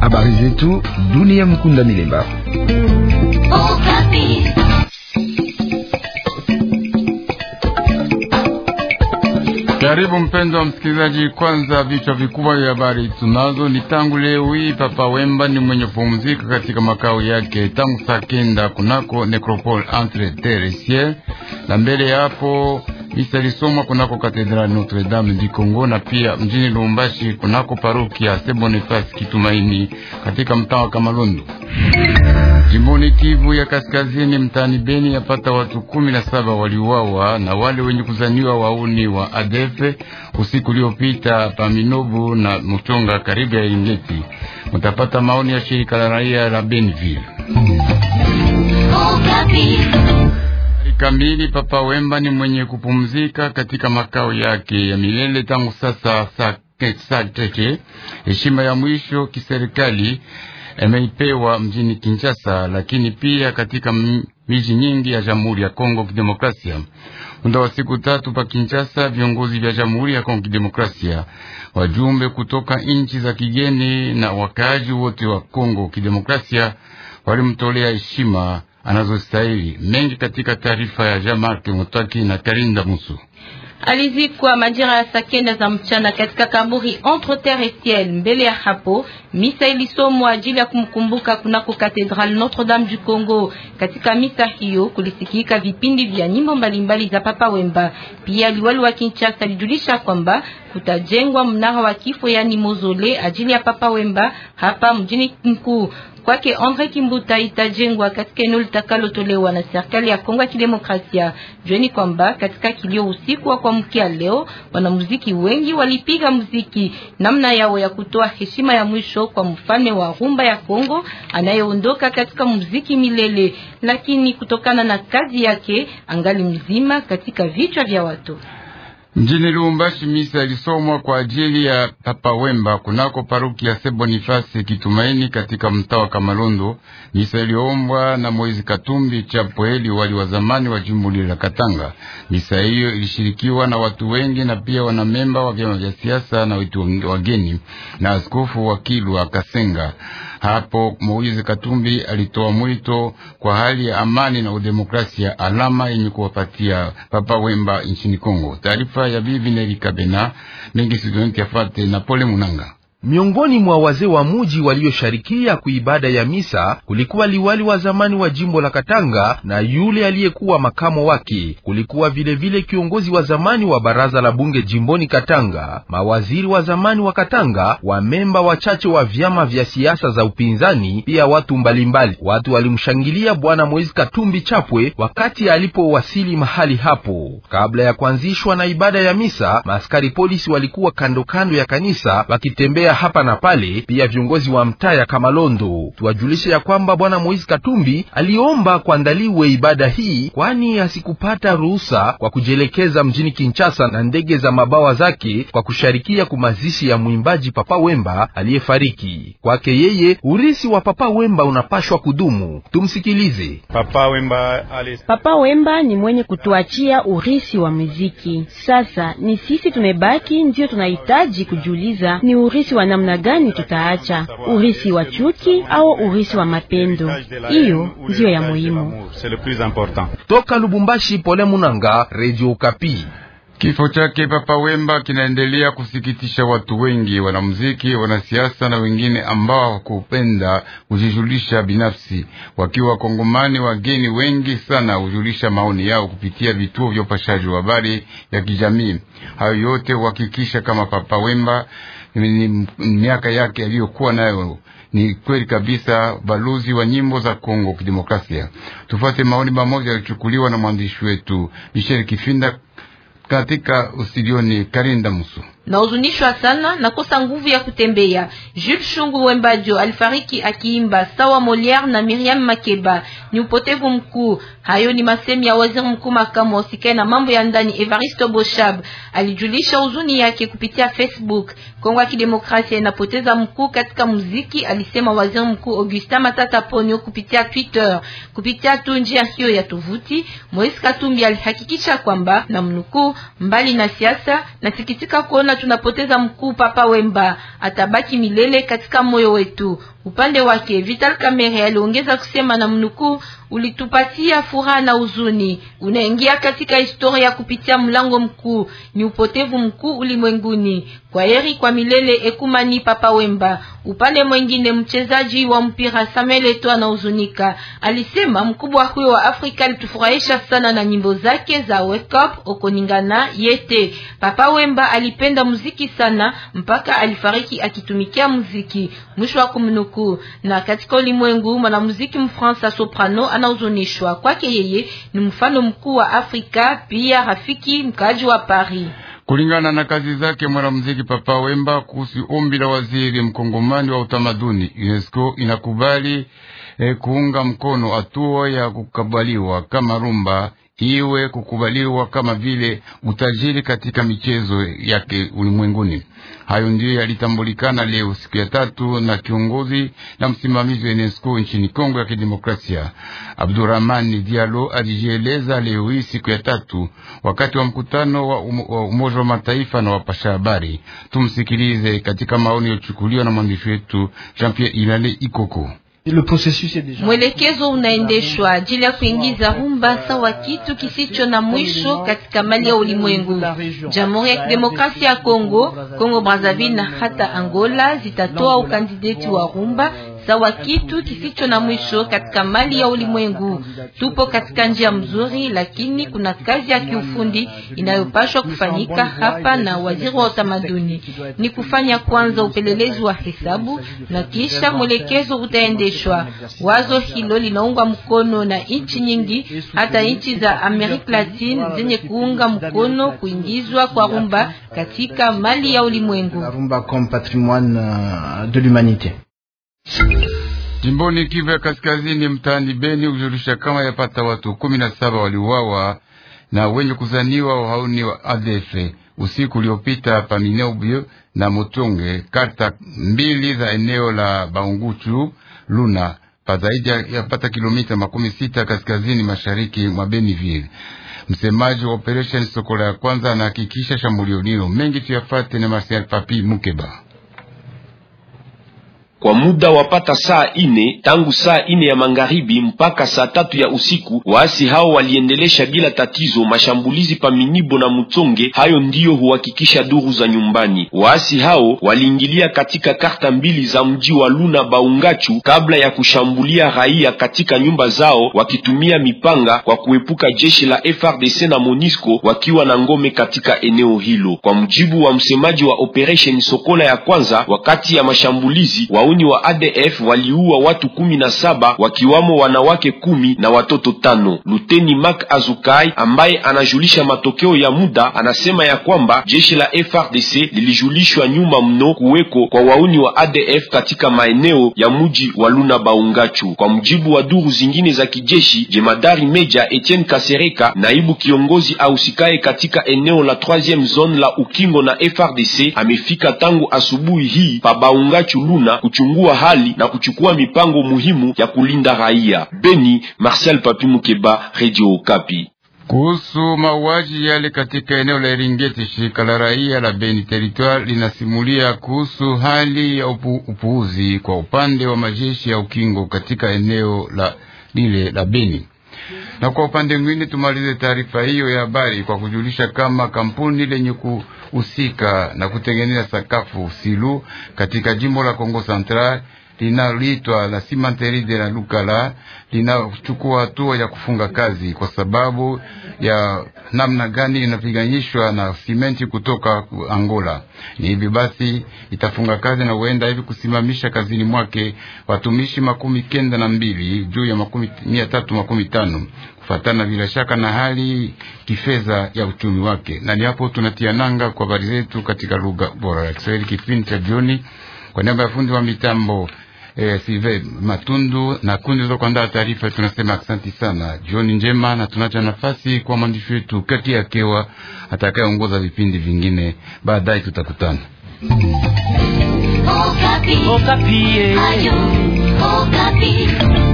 Habari zetu dunia. Mkunda Milemba karibu mpendo wa msikilizaji. Kwanza vichwa vikubwa vya habari tunazo ni tangu leo hii Papa Wemba ni mwenye pumzika katika makao yake tangu saa kenda kunako necropole entre terre et ciel, na mbele hapo Misa ilisomwa kunako katedrali Notre Dame di Congo na pia mjini Lubumbashi kunako parokia Se Boniface Kitumaini katika mtaa wa Kamalondo. Jimboni Kivu ya Kaskazini, mtaani Beni, yapata watu kumi na saba waliuawa na wale wenye kuzaniwa wauni wa ADF usiku uliopita Paminobu na Muchonga karibu ya Ingeti. Mutapata maoni ya shirika la raia la Benville. Oh, kamili, Papa Wemba ni mwenye kupumzika katika makao yake ya milele tangu sasa saa tete. Heshima ya mwisho kiserikali imeipewa mjini Kinshasa, lakini pia katika miji nyingi ya Jamhuri ya Kongo Kidemokrasia. Muda wa siku tatu pa Kinshasa, viongozi vya Jamhuri ya Kongo Kidemokrasia, wajumbe kutoka nchi za kigeni na wakaaji wote wa Kongo Kidemokrasia walimtolea heshima anazostahili. Mengi katika taarifa ya Jean Marc Motaki na Karinda Musu. Alizikwa majira ya saa kenda za mchana katika kaburi entre terre et ciel. Mbele ya hapo misa ilisomwa ajili ya kumkumbuka kunako Cathedrale Notre Dame du Congo. Katika misa hiyo kulisikika vipindi vya nyimbo mbalimbali za Papa Wemba. Pia liwali wa Kinshasa alijulisha kwamba kutajengwa mnara wa kifo, yani mozole, ajili ya Papa Wemba hapa mjini mkuu. Kwake Andre Kimbuta itajengwa katika eneo litakalotolewa na serikali ya Kongo ya Kidemokrasia. Jueni kwamba katika kilio usiku wa kuamkia leo, wanamuziki wengi walipiga muziki namna yao ya kutoa heshima ya mwisho kwa mfalme wa rumba ya Kongo anayeondoka katika muziki milele, lakini kutokana na kazi yake angali mzima katika vichwa vya watu. Mjini Lubumbashi misa ilisomwa kwa ajili ya Papa Wemba kunako paruki ya Se Bonifasi Kitumaini katika mtaa wa Kamalundu. Misa iliombwa na Moizi Katumbi chapoeli wali wa zamani wa jimbo la Katanga. Misa hiyo ilishirikiwa na watu wengi na pia wanamemba wa vyama vya siasa na watu wageni na askofu wa Kilwa Kasenga. Hapo Moise Katumbi alitoa mwito kwa hali ya amani na udemokrasia, alama yenye kuwapatia Papa Wemba nchini Kongo. Taarifa ya bibi nelikabena Kabena mengi, studenti afate na pole Munanga. Miongoni mwa wazee wa muji waliosharikia kuibada ya misa kulikuwa liwali wa zamani wa jimbo la Katanga na yule aliyekuwa makamo wake. Kulikuwa vilevile vile kiongozi wa zamani wa baraza la bunge jimboni Katanga, mawaziri wa zamani wa Katanga, wamemba wachache wa vyama vya siasa za upinzani, pia watu mbalimbali mbali. Watu walimshangilia Bwana Moise Katumbi Chapwe wakati alipowasili mahali hapo. Kabla ya kuanzishwa na ibada ya misa, maaskari polisi walikuwa kandokando kando ya kanisa wakitembea kutembea hapa na pale, pia viongozi wa mtaa ya Kamalondo. Tuwajulishe ya kwamba bwana Moise Katumbi aliomba kuandaliwe ibada hii, kwani asikupata ruhusa kwa kujielekeza mjini Kinshasa na ndege za mabawa zake kwa kusharikia kumazishi ya mwimbaji Papa Wemba aliyefariki. Kwake yeye urisi wa Papa Wemba unapashwa kudumu. Tumsikilize Papa Wemba. Papa Wemba ni mwenye kutuachia urisi wa muziki. Sasa ni sisi tumebaki, ndio tunahitaji kujiuliza ni urisi wa namna gani tutaacha urisi wa chuki au urisi wa mapendo. Hiyo ndiyo ya muhimu. Toka Lubumbashi, Pole Munanga, Radio Kapi. Kifo chake Papa Wemba kinaendelea kusikitisha watu wengi, wanamuziki, wanasiasa na wengine ambao hukupenda kujijulisha binafsi. Wakiwa Wakongomani, wageni wengi sana hujulisha maoni yao kupitia vituo vya upashaji wa habari ya kijamii. Hayo yote huhakikisha kama Papa Wemba miaka yake aliyokuwa nayo. Ni kweli kabisa, balozi wa nyimbo za Kongo Kidemokrasia. Tufuate maoni mamoja yalichukuliwa na mwandishi wetu Michel Kifinda katika usilioni Karinda Musu. Nahuzunishwa sana nakosa nguvu ya kutembea. Jules Shungu Wembadio alifariki akiimba sawa Molière na Miriam Makeba. Ni upotevu mkuu. Hayo ni masemi ya waziri mkuu makamu usikae na mambo ya ndani Evaristo Boshab alijulisha huzuni yake kupitia Facebook. Kongo ya Kidemokrasia inapoteza mkuu katika muziki, alisema waziri mkuu Augustin Matata Ponyo kupitia Twitter. Kupitia tu njia hiyo ya tovuti, Moise Katumbi alihakikisha kwamba na mnukuu, mbali na siasa, nasikitika kuona tunapoteza mkuu Papa Wemba, atabaki milele katika moyo wetu. Upande wake Vital Kamerhe aliongeza kusema na mnukuu, ulitupatia furaha na huzuni, unaingia katika historia kupitia mlango mkuu, ni upotevu mkuu ulimwenguni. Kwa heri kwa milele, ekumani Papa Wemba. Upande mwengine, mchezaji wa mpira Samuel Eto'o anahuzunika, alisema mkubwa huyo wa Afrika alitufurahisha sana na nyimbo zake za Wake Up, Okoningana, Yete. Papa Wemba alipenda muziki sana mpaka alifariki akitumikia muziki. Mwisho wa kumnuku Na katika ulimwengu mwanamuziki mfransa soprano anaozoneshwa kwake, yeye ni mfano mkuu wa Afrika, pia rafiki mkaaji wa Paris. Kulingana na kazi zake mwanamuziki Papa Wemba kuhusu ombi la waziri mkongomani wa utamaduni, UNESCO inakubali eh, kuunga mkono hatua ya kukabaliwa kama rumba iwe kukubaliwa kama vile utajiri katika michezo yake ulimwenguni. Hayo ndiyo yalitambulikana leo siku ya tatu na kiongozi na msimamizi wa UNESCO nchini Kongo ya Kidemokrasia, Abdurahmani dialo alijieleza leo hii siku ya tatu wakati wa mkutano wa Umoja wa Mataifa na wapasha habari. Tumsikilize katika maoni yaliyochukuliwa na mwandishi wetu Jean Pierre Ilale Ikoko. Mwelekezo unaendeshwa ajili ya kuingiza Rumbasa euh, wa kitu kisicho na mwisho katika mali ya ulimwengu. Jamhuri ya Kidemokrasia ya Kongo, Kongo Brazzaville na hata Angola zitatoa ukandideti wa Rumba sawa kitu kisicho na mwisho katika mali ya ulimwengu. Tupo katika njia mzuri, lakini kuna kazi ya kiufundi inayopashwa kufanyika hapa na waziri wa utamaduni, ni kufanya kwanza upelelezi wa hesabu na kisha mwelekezo utaendeshwa. Wazo hilo linaungwa mkono na nchi nyingi, hata nchi za Amerika Latini zenye kuunga mkono kuingizwa kwa rumba katika mali ya ulimwengu. Jimboni Kivu ya Kaskazini, mtaani Beni ujulisha kama yapata watu kumi na saba waliuawa na wenye kuzaniwa wahauni wa ADF usiku uliopita pa Minobio na Mutunge, karta mbili za eneo la Baunguchu Luna, pa zaidi yapata kilomita makumi sita kaskazini mashariki mwa Beniville. Msemaji wa operesheni Sokola ya kwanza anahakikisha shambulio nilo mengi tuyafate na Marsial Papi Mukeba kwa muda wapata saa ine tangu saa ine ya magharibi mpaka saa tatu ya usiku. Waasi hao waliendelesha bila tatizo mashambulizi pa Minibo na Mutsonge, hayo ndiyo huhakikisha duru za nyumbani. Waasi hao waliingilia katika karta mbili za mji wa Luna Baungachu kabla ya kushambulia raia katika nyumba zao wakitumia mipanga kwa kuepuka jeshi la FRDC na monisco wakiwa na ngome katika eneo hilo, kwa mujibu wa msemaji wa operation Sokola ya kwanza. Wakati ya mashambulizi wa wauni wa ADF waliua watu kumi na saba wakiwamo wanawake kumi na watoto tano. Luteni Mak Azukai ambaye anajulisha matokeo ya muda anasema ya kwamba jeshi la FRDC lilijulishwa nyuma mno kuweko kwa wauni wa ADF katika maeneo ya muji wa Luna Baungachu. Kwa mujibu wa duru zingine za kijeshi, jemadari meja Etienne Kasereka, naibu kiongozi ausikaye katika eneo la 3e zone la ukingo na FRDC, amefika tangu asubuhi hii pa Baungachu Luna kuchu kuchungua hali na kuchukua mipango muhimu ya kulinda raia. Beni, Marcel Papi Mukeba, Radio Okapi. Kuhusu mauaji yale katika eneo la Eringeti, shirika la raia la Beni Territoire linasimulia kuhusu hali ya upu, upuuzi kwa upande wa majeshi ya ukingo katika eneo la lile la Beni. Na kwa upande mwingine, tumalize taarifa hiyo ya habari kwa kujulisha kama kampuni lenye kuhusika na kutengeneza sakafu Silu katika jimbo la Kongo Central linaloitwa la simanteri de la Lukala linachukua hatua ya kufunga kazi kwa sababu ya namna gani inapiganishwa na simenti kutoka Angola. Ni hivi basi itafunga kazi na huenda hivi kusimamisha kazini mwake watumishi makumi kenda na mbili juu ya makumi mia tatu makumi tano kufatana bila shaka na hali kifedha ya uchumi wake. Na ni hapo tunatia nanga kwa habari zetu katika lugha bora ya Kiswahili kipindi cha jioni. Kwa niaba ya fundi wa mitambo eh, Sive Matundu na kundi za kuandaa taarifa. Tunasema asanti sana, jioni njema, na tunacha nafasi kwa mwandishi wetu kati ya Kewa atakayeongoza vipindi vingine. Baadaye tutakutana Okapi. Okapi. Eh. Ayu, Okapi.